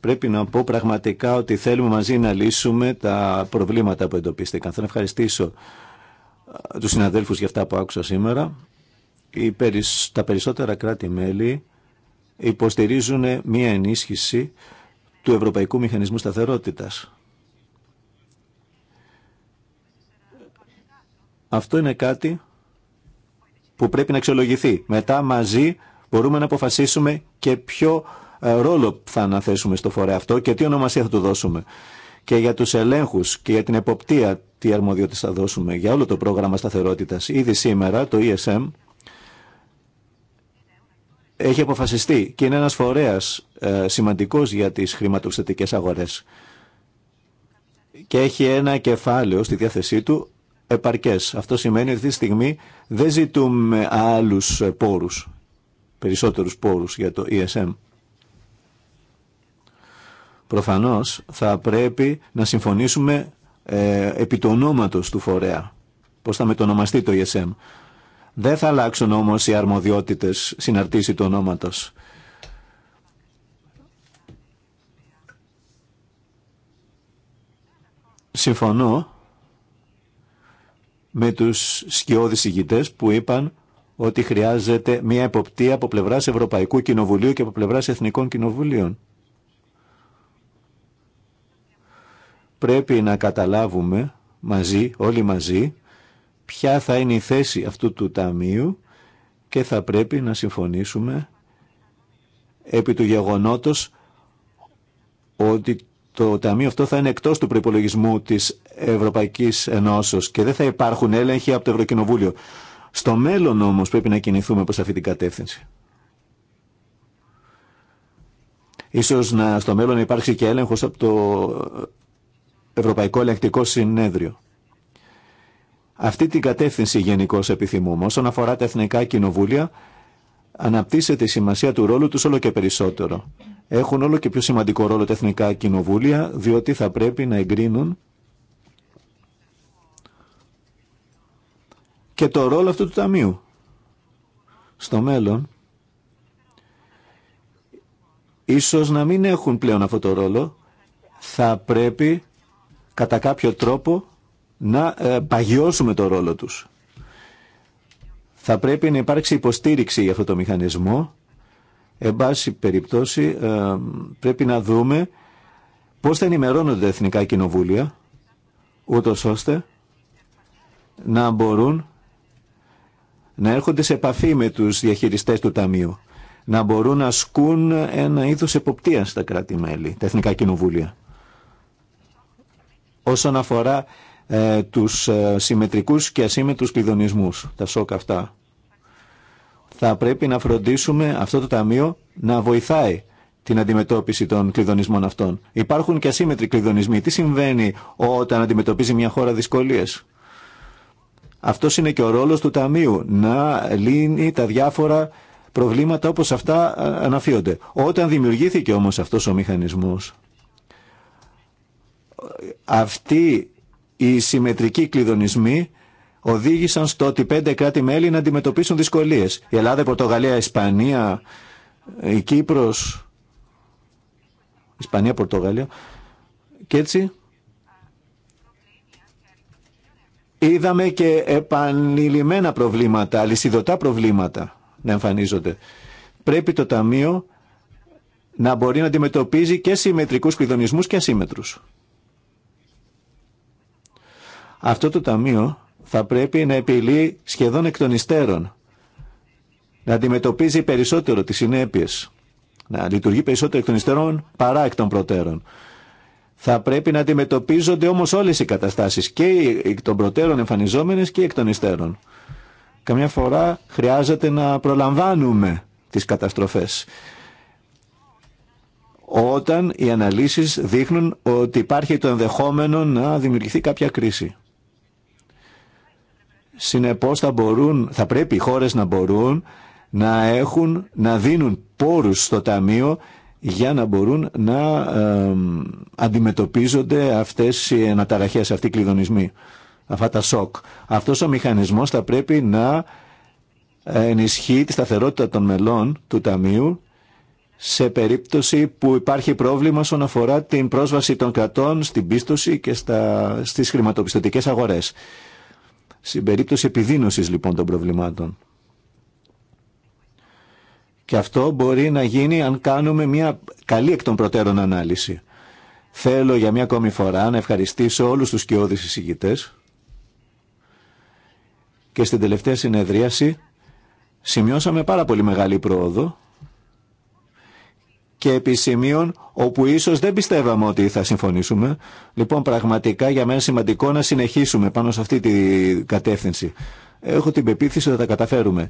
Πρέπει να πω πραγματικά ότι θέλουμε μαζί να λύσουμε τα προβλήματα που εντοπίστηκαν. Θα ευχαριστήσω ε, τους συναδέλφους για αυτά που άκουσα σήμερα. Τα περισσότερα κράτη-μέλη υποστηρίζουν μία ενίσχυση του Ευρωπαϊκού Μηχανισμού Σταθερότητας Αυτό είναι κάτι που πρέπει να αξιολογηθεί. Μετά μαζί μπορούμε να αποφασίσουμε και ποιο ε, ρόλο θα αναθέσουμε στο φορέα αυτό και τι ονομασία θα του δώσουμε. Και για τους ελέγχους και για την εποπτεία τι αρμοδιότητες θα δώσουμε για όλο το πρόγραμμα σταθερότητας. Ήδη σήμερα το ESM έχει αποφασιστεί και είναι ένας φορέας ε, σημαντικός για τις χρηματοπιστωτικές αγορές και έχει ένα κεφάλαιο στη διάθεσή του επαρκές. Αυτό σημαίνει ότι αυτή τη στιγμή δεν ζητούμε άλλους πόρους, περισσότερους πόρους για το ESM. Προφανώς θα πρέπει να συμφωνήσουμε ε, επί του ονόματος του φορέα. Πώς θα μετονομαστεί το ESM. Δεν θα αλλάξουν όμως οι αρμοδιότητες συναρτήσει του ονόματος. Συμφωνώ με τους σκιώδεις ηγητές που είπαν ότι χρειάζεται μια εποπτεία από πλευράς Ευρωπαϊκού Κοινοβουλίου και από πλευράς Εθνικών Κοινοβουλίων. Πρέπει να καταλάβουμε μαζί, όλοι μαζί, ποια θα είναι η θέση αυτού του Ταμείου και θα πρέπει να συμφωνήσουμε επί του γεγονότος ότι το ταμείο αυτό θα είναι εκτός του προϋπολογισμού της Ευρωπαϊκής Ενώσεως και δεν θα υπάρχουν έλεγχοι από το Ευρωκοινοβούλιο. Στο μέλλον όμως πρέπει να κινηθούμε προς αυτή την κατεύθυνση. Ίσως να, στο μέλλον υπάρξει και έλεγχος από το Ευρωπαϊκό Ελεγκτικό Συνέδριο. Αυτή την κατεύθυνση γενικώ επιθυμούμε. Όσον αφορά τα εθνικά κοινοβούλια, αναπτύσσεται η σημασία του ρόλου του όλο και περισσότερο έχουν όλο και πιο σημαντικό ρόλο τα εθνικά κοινοβούλια, διότι θα πρέπει να εγκρίνουν και το ρόλο αυτού του Ταμείου. Στο μέλλον, ίσως να μην έχουν πλέον αυτό το ρόλο, θα πρέπει κατά κάποιο τρόπο να ε, παγιώσουμε το ρόλο τους. Θα πρέπει να υπάρξει υποστήριξη για αυτό το μηχανισμό Εν πάση περιπτώσει ε, πρέπει να δούμε πώς θα ενημερώνονται τα εθνικά κοινοβούλια ούτως ώστε να μπορούν να έρχονται σε επαφή με τους διαχειριστές του Ταμείου να μπορούν να ασκούν ένα είδος εποπτείας στα κράτη-μέλη, τα εθνικά κοινοβούλια. Όσον αφορά ε, τους ε, συμμετρικούς και ασύμμετρους κλειδονισμούς, τα σοκ αυτά θα πρέπει να φροντίσουμε αυτό το ταμείο να βοηθάει την αντιμετώπιση των κλειδονισμών αυτών. Υπάρχουν και ασύμετροι κλειδονισμοί. Τι συμβαίνει όταν αντιμετωπίζει μια χώρα δυσκολίες. Αυτό είναι και ο ρόλος του Ταμείου, να λύνει τα διάφορα προβλήματα όπως αυτά ε, αναφύονται. Όταν δημιουργήθηκε όμως αυτό ο μηχανισμό, ε, αυτοί οι συμμετρικοί κλειδονισμοί οδήγησαν στο ότι πέντε κράτη-μέλη να αντιμετωπίσουν δυσκολίες. Η Ελλάδα, η Πορτογαλία, η Ισπανία, η Κύπρος, Ισπανία, Πορτογαλία. Και έτσι είδαμε και επανειλημμένα προβλήματα, αλυσιδωτά προβλήματα να εμφανίζονται. Πρέπει το Ταμείο να μπορεί να αντιμετωπίζει και συμμετρικούς κλειδονισμούς και ασύμμετρους. Αυτό το Ταμείο θα πρέπει να επιλύει σχεδόν εκ των υστέρων. Να αντιμετωπίζει περισσότερο τις συνέπειες. Να λειτουργεί περισσότερο εκ των υστέρων παρά εκ των προτέρων. Θα πρέπει να αντιμετωπίζονται όμως όλες οι καταστάσεις και εκ των προτέρων εμφανιζόμενες και εκ των υστέρων. Καμιά φορά χρειάζεται να προλαμβάνουμε τις καταστροφές όταν οι αναλύσεις δείχνουν ότι υπάρχει το ενδεχόμενο να δημιουργηθεί κάποια κρίση. Συνεπώς θα, θα πρέπει οι χώρες να μπορούν να, έχουν, να δίνουν πόρους στο Ταμείο για να μπορούν να αντιμετωπίζονται αυτές οι αναταραχές, αυτοί οι κλειδονισμοί, αυτά τα σοκ. Αυτός ο μηχανισμός θα πρέπει να ενισχύει τη σταθερότητα των μελών του Ταμείου σε περίπτωση που υπάρχει πρόβλημα όσον αφορά την πρόσβαση των κρατών στην πίστοση και στα, στις χρηματοπιστωτικές αγορές στην περίπτωση επιδείνωσης λοιπόν των προβλημάτων. Και αυτό μπορεί να γίνει αν κάνουμε μια καλή εκ των προτέρων ανάλυση. Θέλω για μια ακόμη φορά να ευχαριστήσω όλους τους κοιόδης εισηγητές και στην τελευταία συνεδρίαση σημειώσαμε πάρα πολύ μεγάλη πρόοδο και επί σημείων όπου ίσως δεν πιστεύαμε ότι θα συμφωνήσουμε. Λοιπόν, πραγματικά για μένα σημαντικό να συνεχίσουμε πάνω σε αυτή τη κατεύθυνση. Έχω την πεποίθηση ότι θα τα καταφέρουμε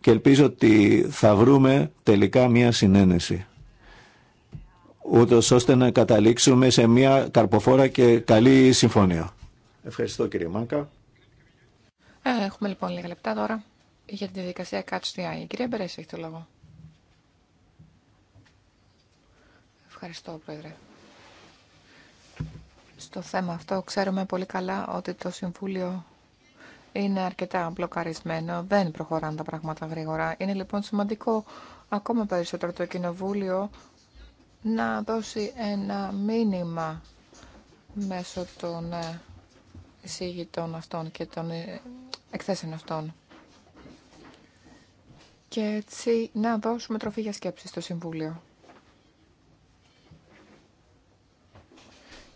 και ελπίζω ότι θα βρούμε τελικά μια συνένεση ούτως ώστε να καταλήξουμε σε μια καρποφόρα και καλή συμφωνία. Ευχαριστώ κύριε Μάκα. Ε, έχουμε λοιπόν λίγα λεπτά τώρα για τη διαδικασία κάτω στη ΆΗ. Μπερέση έχει το λόγο. Ευχαριστώ, Πρόεδρε. Στο θέμα αυτό ξέρουμε πολύ καλά ότι το Συμβούλιο είναι αρκετά μπλοκαρισμένο, δεν προχωράνε τα πράγματα γρήγορα. Είναι λοιπόν σημαντικό ακόμα περισσότερο το Κοινοβούλιο να δώσει ένα μήνυμα μέσω των ε, εισηγητών αυτών και των ε, εκθέσεων αυτών. Και έτσι να δώσουμε τροφή για σκέψη στο Συμβούλιο.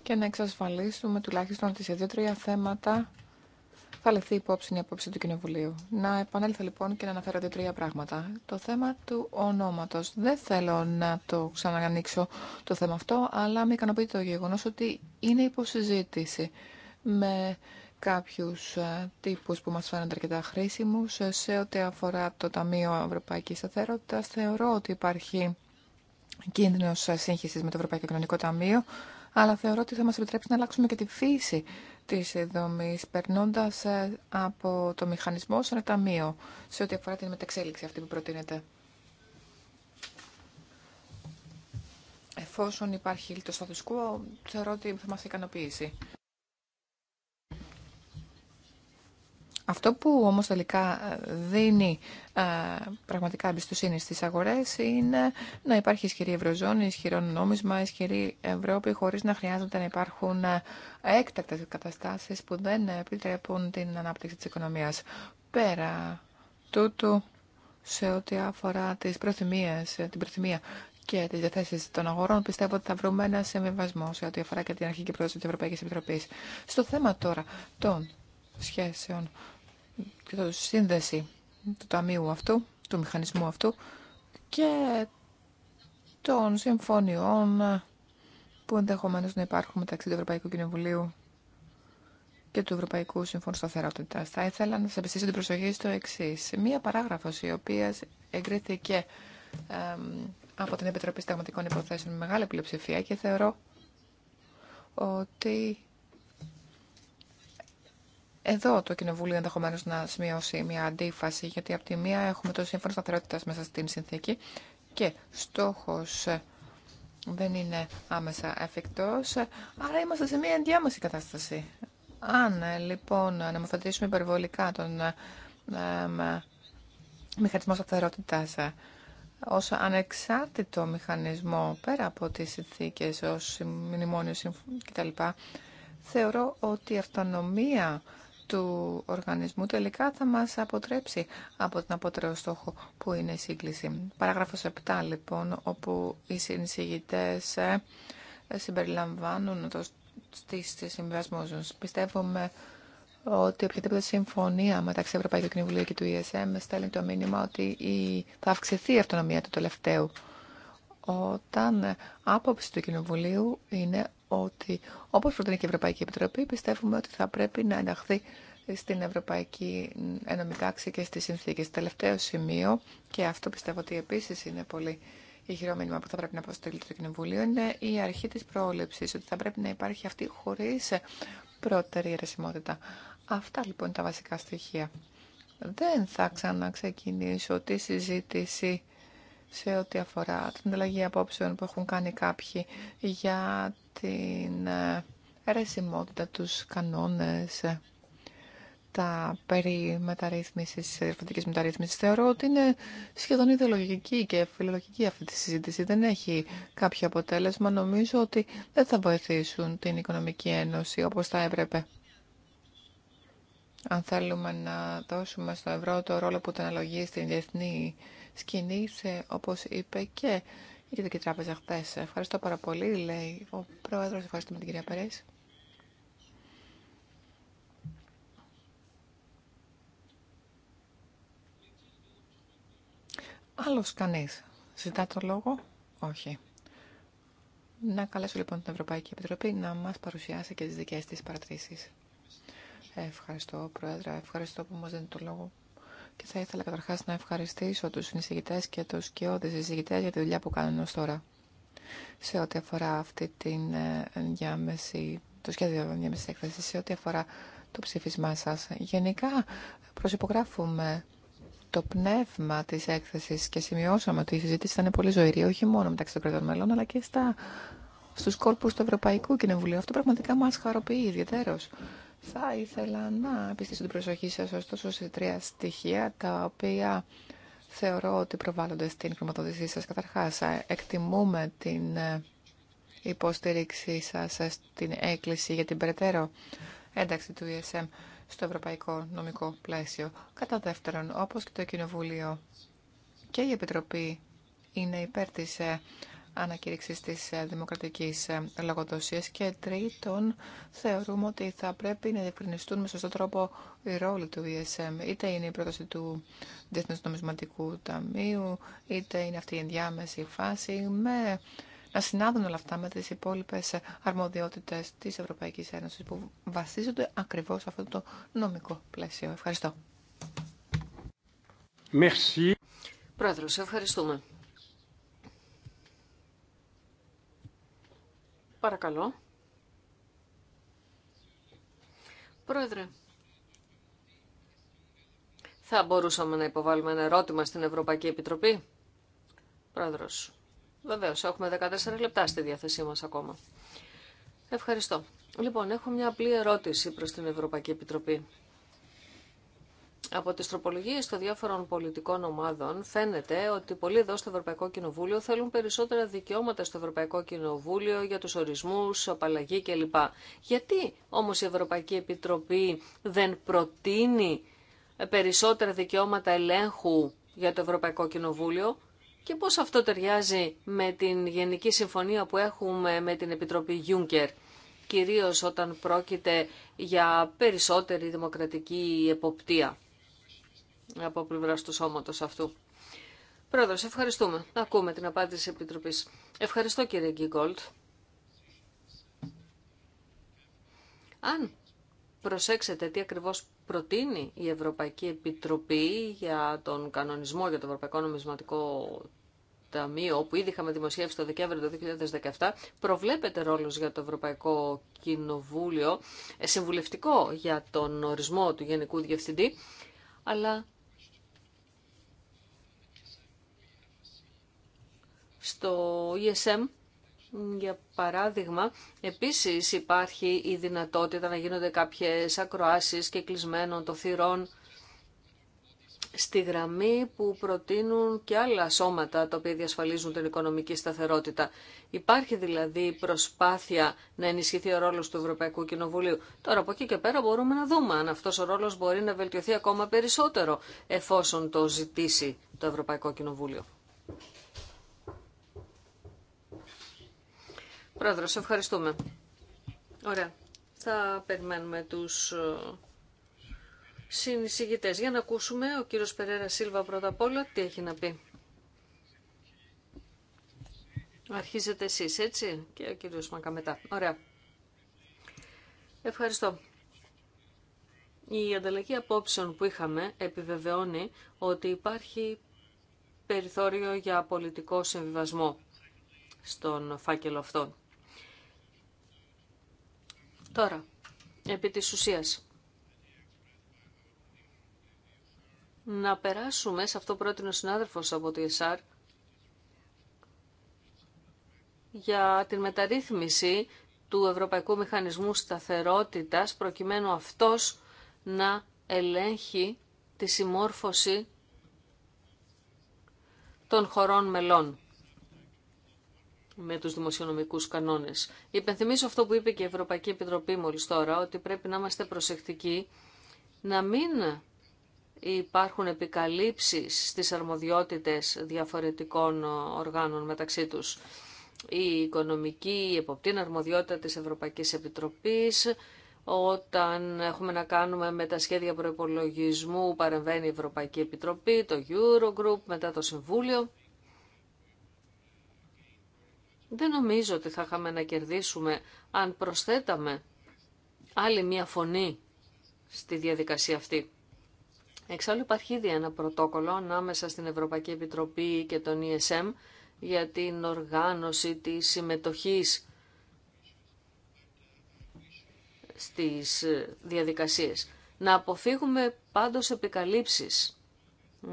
και να εξασφαλίσουμε τουλάχιστον ότι σε δύο-τρία θέματα θα λεφθεί υπόψη η απόψη του Κοινοβουλίου. Να επανέλθω λοιπόν και να αναφέρω δύο-τρία πράγματα. Το θέμα του ονόματο. Δεν θέλω να το ξανανοίξω το θέμα αυτό, αλλά με ικανοποιεί το γεγονό ότι είναι υποσυζήτηση με κάποιου ε, τύπου που μα φαίνονται αρκετά χρήσιμου ε, σε ό,τι αφορά το Ταμείο Ευρωπαϊκή Σταθερότητας. Θεωρώ ότι υπάρχει κίνδυνος ε, σύγχυσης με το Ευρωπαϊκό Κοινωνικό Ταμείο αλλά θεωρώ ότι θα μας επιτρέψει να αλλάξουμε και τη φύση της δομής, περνώντας ε, από το μηχανισμό σε ένα ταμείο, σε ό,τι αφορά την μεταξέλιξη αυτή που προτείνεται. Εφόσον υπάρχει το status θεωρώ ότι θα μας ικανοποιήσει. Αυτό που όμως τελικά ε, δίνει ε, πραγματικά εμπιστοσύνη στις αγορές είναι να υπάρχει ισχυρή ευρωζώνη, ισχυρό νόμισμα, ισχυρή Ευρώπη χωρίς να χρειάζεται να υπάρχουν ε, έκτακτες καταστάσεις που δεν επιτρέπουν την ανάπτυξη της οικονομίας. Πέρα τούτου σε ό,τι αφορά τις προθυμίες, την προθυμία και τι διαθέσει των αγορών, πιστεύω ότι θα βρούμε ένα συμβιβασμό σε ό,τι αφορά και την αρχική πρόταση τη Ευρωπαϊκή Επιτροπή. Στο θέμα τώρα των σχέσεων και το σύνδεση του ταμείου αυτού, του μηχανισμού αυτού και των συμφωνιών που ενδεχομένως να υπάρχουν μεταξύ του Ευρωπαϊκού Κοινοβουλίου και του Ευρωπαϊκού Συμφώνου Σταθερότητα. Θα ήθελα να σα επιστήσω την προσοχή στο εξή. Μία παράγραφο η οποία εγκρίθηκε από την Επιτροπή Σταγματικών Υποθέσεων με μεγάλη πλειοψηφία και θεωρώ ότι εδώ το Κοινοβούλιο ενδεχομένω να σημειώσει μια αντίφαση, γιατί από τη μία έχουμε το σύμφωνο σταθερότητα μέσα στην συνθήκη και στόχο ε, δεν είναι άμεσα εφικτό, ε, άρα είμαστε σε μια ενδιάμεση κατάσταση. Αν ε, λοιπόν νομοθετήσουμε υπερβολικά τον ε, ε, μηχανισμό σταθερότητα ω ανεξάρτητο μηχανισμό πέρα από τις συνθήκε, ως μνημόνιο κτλ. Θεωρώ ότι η αυτονομία του οργανισμού τελικά θα μας αποτρέψει από τον απότερο στόχο που είναι η σύγκληση. Παράγραφος 7 λοιπόν, όπου οι συνεισηγητές ε, συμπεριλαμβάνουν το στις συμβιβασμούς. Πιστεύουμε ότι οποιαδήποτε συμφωνία μεταξύ Ευρωπαϊκού Κοινοβουλίου και του ESM στέλνει το μήνυμα ότι θα αυξηθεί η αυτονομία του τελευταίου. Όταν άποψη του Κοινοβουλίου είναι ότι όπως προτείνει και η Ευρωπαϊκή Επιτροπή πιστεύουμε ότι θα πρέπει να ενταχθεί στην Ευρωπαϊκή Ενωμητάξη Τάξη και στις συνθήκες. Τελευταίο σημείο, και αυτό πιστεύω ότι επίσης είναι πολύ ηχηρό μήνυμα που θα πρέπει να αποστείλει το Κοινοβουλίο, είναι η αρχή της πρόληψης, ότι θα πρέπει να υπάρχει αυτή χωρίς πρώτερη αιρεσιμότητα. Αυτά λοιπόν είναι τα βασικά στοιχεία. Δεν θα ξαναξεκινήσω τη συζήτηση σε ό,τι αφορά την αλλαγή απόψεων που έχουν κάνει κάποιοι για την ε, αιρεσιμότητα, τους κανόνες, ε, τα περί μεταρρύθμισης, ερευνητικής μεταρρύθμισης. Θεωρώ ότι είναι σχεδόν ιδεολογική και φιλολογική αυτή τη συζήτηση. Δεν έχει κάποιο αποτέλεσμα. Νομίζω ότι δεν θα βοηθήσουν την Οικονομική Ένωση όπως θα έπρεπε. Αν θέλουμε να δώσουμε στο ευρώ το ρόλο που την αναλογεί στην διεθνή σκηνή σε, όπως είπε και η Κεντρική Τράπεζα χθε. Ευχαριστώ πάρα πολύ, λέει ο Πρόεδρος. Ευχαριστούμε την κυρία Περές. Άλλος κανείς. Ζητά το λόγο. Όχι. Να καλέσω λοιπόν την Ευρωπαϊκή Επιτροπή να μας παρουσιάσει και τις δικές της παρατηρήσεις. Ευχαριστώ, Πρόεδρε. Ευχαριστώ που μας δίνετε το λόγο. Και θα ήθελα καταρχά να ευχαριστήσω του συνεισηγητέ και του σκιώδει συζητητέ για τη δουλειά που κάνουν ω τώρα σε ό,τι αφορά αυτή την ε, διάμεση, το σχέδιο διάμεση έκθεση, σε ό,τι αφορά το ψήφισμά σα. Γενικά, προσυπογράφουμε το πνεύμα τη έκθεση και σημειώσαμε ότι η συζήτηση ήταν πολύ ζωηρή, όχι μόνο μεταξύ των κρατών μελών, αλλά και στα, στους κόλπους του Ευρωπαϊκού Κοινοβουλίου. Αυτό πραγματικά μας χαροποιεί ιδιαίτερως. Θα ήθελα να επιστήσω την προσοχή σας ωστόσο σε τρία στοιχεία τα οποία θεωρώ ότι προβάλλονται στην χρηματοδότησή σας. Καταρχάς, ε, εκτιμούμε την ε, υποστήριξή σας ε, στην έκκληση για την περαιτέρω ένταξη του ESM στο ευρωπαϊκό νομικό πλαίσιο. Κατά δεύτερον, όπως και το Κοινοβούλιο και η Επιτροπή είναι υπέρ της ανακήρυξη τη ε, δημοκρατική ε, λογοδοσία. και τρίτον θεωρούμε ότι θα πρέπει να διευκρινιστούν με σωστό τρόπο οι ρόλοι του ESM είτε είναι η πρόταση του Διεθνούς Νομισματικού Ταμείου είτε είναι αυτή η ενδιάμεση φάση με να συνάδουν όλα αυτά με τις υπόλοιπες αρμοδιότητες της Ευρωπαϊκής Ένωσης που βασίζονται ακριβώς σε αυτό το νομικό πλαίσιο. Ευχαριστώ. ευχαριστούμε. Παρακαλώ. Πρόεδρε, θα μπορούσαμε να υποβάλουμε ένα ερώτημα στην Ευρωπαϊκή Επιτροπή. Πρόεδρος, βεβαίως, έχουμε 14 λεπτά στη διάθεσή μας ακόμα. Ευχαριστώ. Λοιπόν, έχω μια απλή ερώτηση προς την Ευρωπαϊκή Επιτροπή. Από τις τροπολογίες των διάφορων πολιτικών ομάδων φαίνεται ότι πολλοί εδώ στο Ευρωπαϊκό Κοινοβούλιο θέλουν περισσότερα δικαιώματα στο Ευρωπαϊκό Κοινοβούλιο για τους ορισμούς, απαλλαγή κλπ. Γιατί όμως η Ευρωπαϊκή Επιτροπή δεν προτείνει περισσότερα δικαιώματα ελέγχου για το Ευρωπαϊκό Κοινοβούλιο και πώς αυτό ταιριάζει με την Γενική Συμφωνία που έχουμε με την Επιτροπή Juncker κυρίως όταν πρόκειται για περισσότερη δημοκρατική εποπτεία από πλευρά του σώματο αυτού. Πρόεδρος, ευχαριστούμε. Να ακούμε την απάντηση της Επιτροπής. Ευχαριστώ κύριε Γκίγκολτ. Αν προσέξετε τι ακριβώς προτείνει η Ευρωπαϊκή Επιτροπή για τον κανονισμό για το Ευρωπαϊκό Νομισματικό Ταμείο, που ήδη είχαμε δημοσιεύσει το Δεκέμβριο του 2017, προβλέπεται ρόλος για το Ευρωπαϊκό Κοινοβούλιο, ε, συμβουλευτικό για τον ορισμό του Γενικού Διευθυντή, αλλά Στο ESM, για παράδειγμα, επίσης υπάρχει η δυνατότητα να γίνονται κάποιες ακροάσεις και κλεισμένων των θυρών στη γραμμή που προτείνουν και άλλα σώματα τα οποία διασφαλίζουν την οικονομική σταθερότητα. Υπάρχει δηλαδή προσπάθεια να ενισχυθεί ο ρόλος του Ευρωπαϊκού Κοινοβουλίου. Τώρα από εκεί και πέρα μπορούμε να δούμε αν αυτός ο ρόλος μπορεί να βελτιωθεί ακόμα περισσότερο εφόσον το ζητήσει το Ευρωπαϊκό Κοινοβούλιο. Πρόεδρος, ευχαριστούμε. Ωραία. Θα περιμένουμε τους ε, συνεισηγητές. Για να ακούσουμε ο κύριος Περέρα Σίλβα πρώτα απ' όλα τι έχει να πει. Αρχίζετε εσείς, έτσι, και ο κύριος Μακαμετά. Ωραία. Ευχαριστώ. Η ανταλλαγή απόψεων που είχαμε επιβεβαιώνει ότι υπάρχει περιθώριο για πολιτικό συμβιβασμό στον φάκελο αυτόν. Τώρα, επί της ουσίας. Να περάσουμε σε αυτό το πρότεινε ο συνάδελφος από το ΕΣΑΡ για την μεταρρύθμιση του Ευρωπαϊκού Μηχανισμού Σταθερότητας προκειμένου αυτός να ελέγχει τη συμμόρφωση των χωρών μελών με τους δημοσιονομικούς κανόνες. Υπενθυμίζω αυτό που είπε και η Ευρωπαϊκή Επιτροπή μόλις τώρα, ότι πρέπει να είμαστε προσεκτικοί να μην υπάρχουν επικαλύψεις στις αρμοδιότητες διαφορετικών οργάνων μεταξύ τους. Η οικονομική η εποπτή αρμοδιότητα της Ευρωπαϊκής Επιτροπής, όταν έχουμε να κάνουμε με τα σχέδια προϋπολογισμού παρεμβαίνει η Ευρωπαϊκή Επιτροπή, το Eurogroup, μετά το Συμβούλιο. Δεν νομίζω ότι θα είχαμε να κερδίσουμε αν προσθέταμε άλλη μία φωνή στη διαδικασία αυτή. Εξάλλου υπάρχει ήδη ένα πρωτόκολλο ανάμεσα στην Ευρωπαϊκή Επιτροπή και τον ESM για την οργάνωση της συμμετοχής στις διαδικασίες. Να αποφύγουμε πάντως επικαλύψεις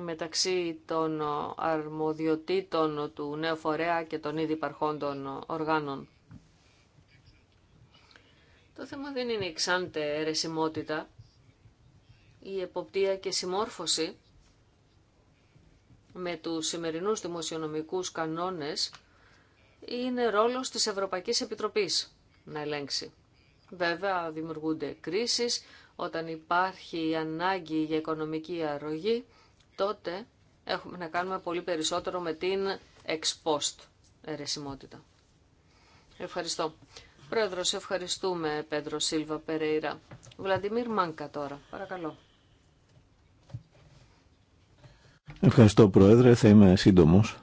μεταξύ των αρμοδιοτήτων του νέου φορέα και των ήδη υπαρχόντων οργάνων. Το θέμα δεν είναι η ξάντε αιρεσιμότητα, η εποπτεία και συμμόρφωση με τους σημερινούς δημοσιονομικούς κανόνες είναι ρόλος της Ευρωπαϊκής Επιτροπής να ελέγξει. Βέβαια δημιουργούνται κρίσεις όταν υπάρχει ανάγκη για οικονομική αρρωγή τότε έχουμε να κάνουμε πολύ περισσότερο με την ex post αιρεσιμότητα. Ευχαριστώ. Πρόεδρος, ευχαριστούμε, Πέντρο Σίλβα Περέιρα. Βλαντιμίρ Μάνκα τώρα, παρακαλώ. Ευχαριστώ, Πρόεδρε. Θα είμαι σύντομος.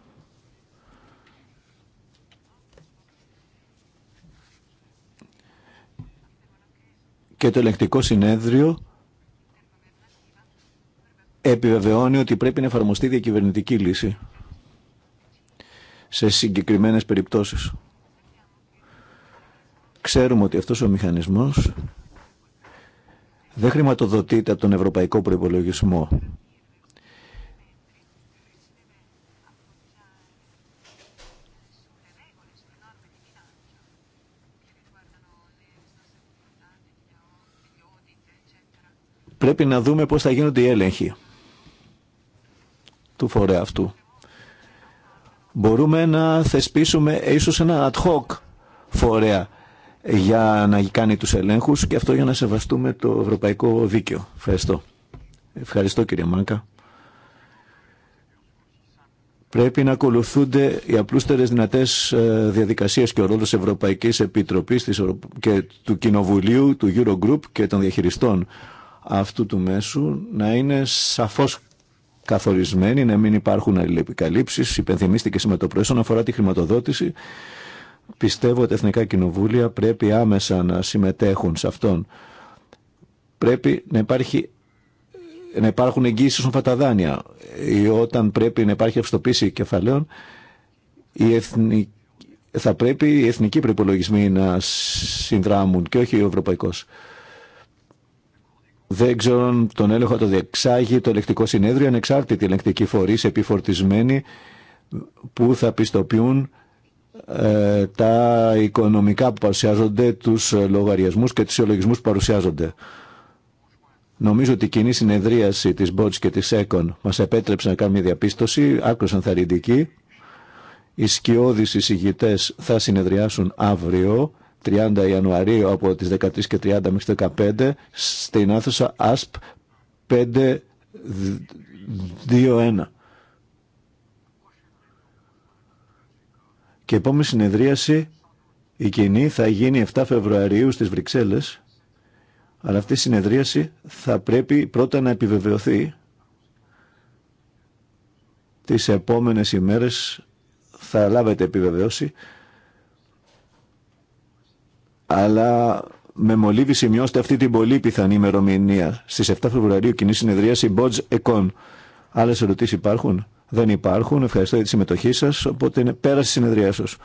Και το ελεκτικό συνέδριο επιβεβαιώνει ότι πρέπει να εφαρμοστεί διακυβερνητική λύση σε συγκεκριμένες περιπτώσεις. Ξέρουμε ότι αυτός ο μηχανισμός δεν χρηματοδοτείται από τον Ευρωπαϊκό Προϋπολογισμό. Πρέπει να δούμε πώς θα γίνονται οι έλεγχοι του φορέα αυτού. Μπορούμε να θεσπίσουμε ίσως ένα ad hoc φορέα για να κάνει τους ελέγχους και αυτό για να σεβαστούμε το ευρωπαϊκό δίκαιο. Ευχαριστώ. Ευχαριστώ κύριε Μάνκα. Πρέπει να ακολουθούνται οι απλούστερες δυνατές ε, διαδικασίες και ο ρόλος Ευρωπαϊκής Επιτροπής και του Κοινοβουλίου, του Eurogroup και των διαχειριστών αυτού του μέσου να είναι σαφώ καθορισμένη, να μην υπάρχουν αλληλεπικαλύψει. Υπενθυμίστηκε σήμερα το πρωί, όσον αφορά τη χρηματοδότηση, πιστεύω ότι εθνικά κοινοβούλια πρέπει άμεσα να συμμετέχουν σε αυτόν. Πρέπει να υπάρχει να υπάρχουν εγγύησεις όσον αφορά δάνεια ή όταν πρέπει να υπάρχει αυστοποίηση κεφαλαίων η εθνική θα πρέπει οι εθνικοί προπολογισμοί να συνδράμουν και όχι ο ευρωπαϊκός. Δεν ξέρω αν τον έλεγχο το διεξάγει το ελεκτικό συνέδριο, ανεξάρτητη ελεκτική φορείς επιφορτισμένη που θα πιστοποιούν ε, τα οικονομικά που παρουσιάζονται, τους ε, λογαριασμούς και τους συλλογισμούς που παρουσιάζονται. Νομίζω ότι η κοινή συνεδρίαση της Μπότς και της ΕΚΟΝ μας επέτρεψε να κάνουμε διαπίστωση, άκρως ανθαρρυντική. Οι σκιώδεις εισηγητές θα συνεδριάσουν αύριο 30 Ιανουαρίου από τις 13 και 30 μέχρι 15 στην άθουσα ΑΣΠ 521. Και η επόμενη συνεδρίαση η κοινή θα γίνει 7 Φεβρουαρίου στις Βρυξέλλες αλλά αυτή η συνεδρίαση θα πρέπει πρώτα να επιβεβαιωθεί τις επόμενες ημέρες θα λάβετε επιβεβαιώσει αλλά με μολύβι σημειώστε αυτή την πολύ πιθανή ημερομηνία. Στις 7 Φεβρουαρίου κοινή συνεδρίαση Bodge Econ. Άλλες ερωτήσεις υπάρχουν. Δεν υπάρχουν. Ευχαριστώ για τη συμμετοχή σας. Οπότε είναι πέραση συνεδρία σας.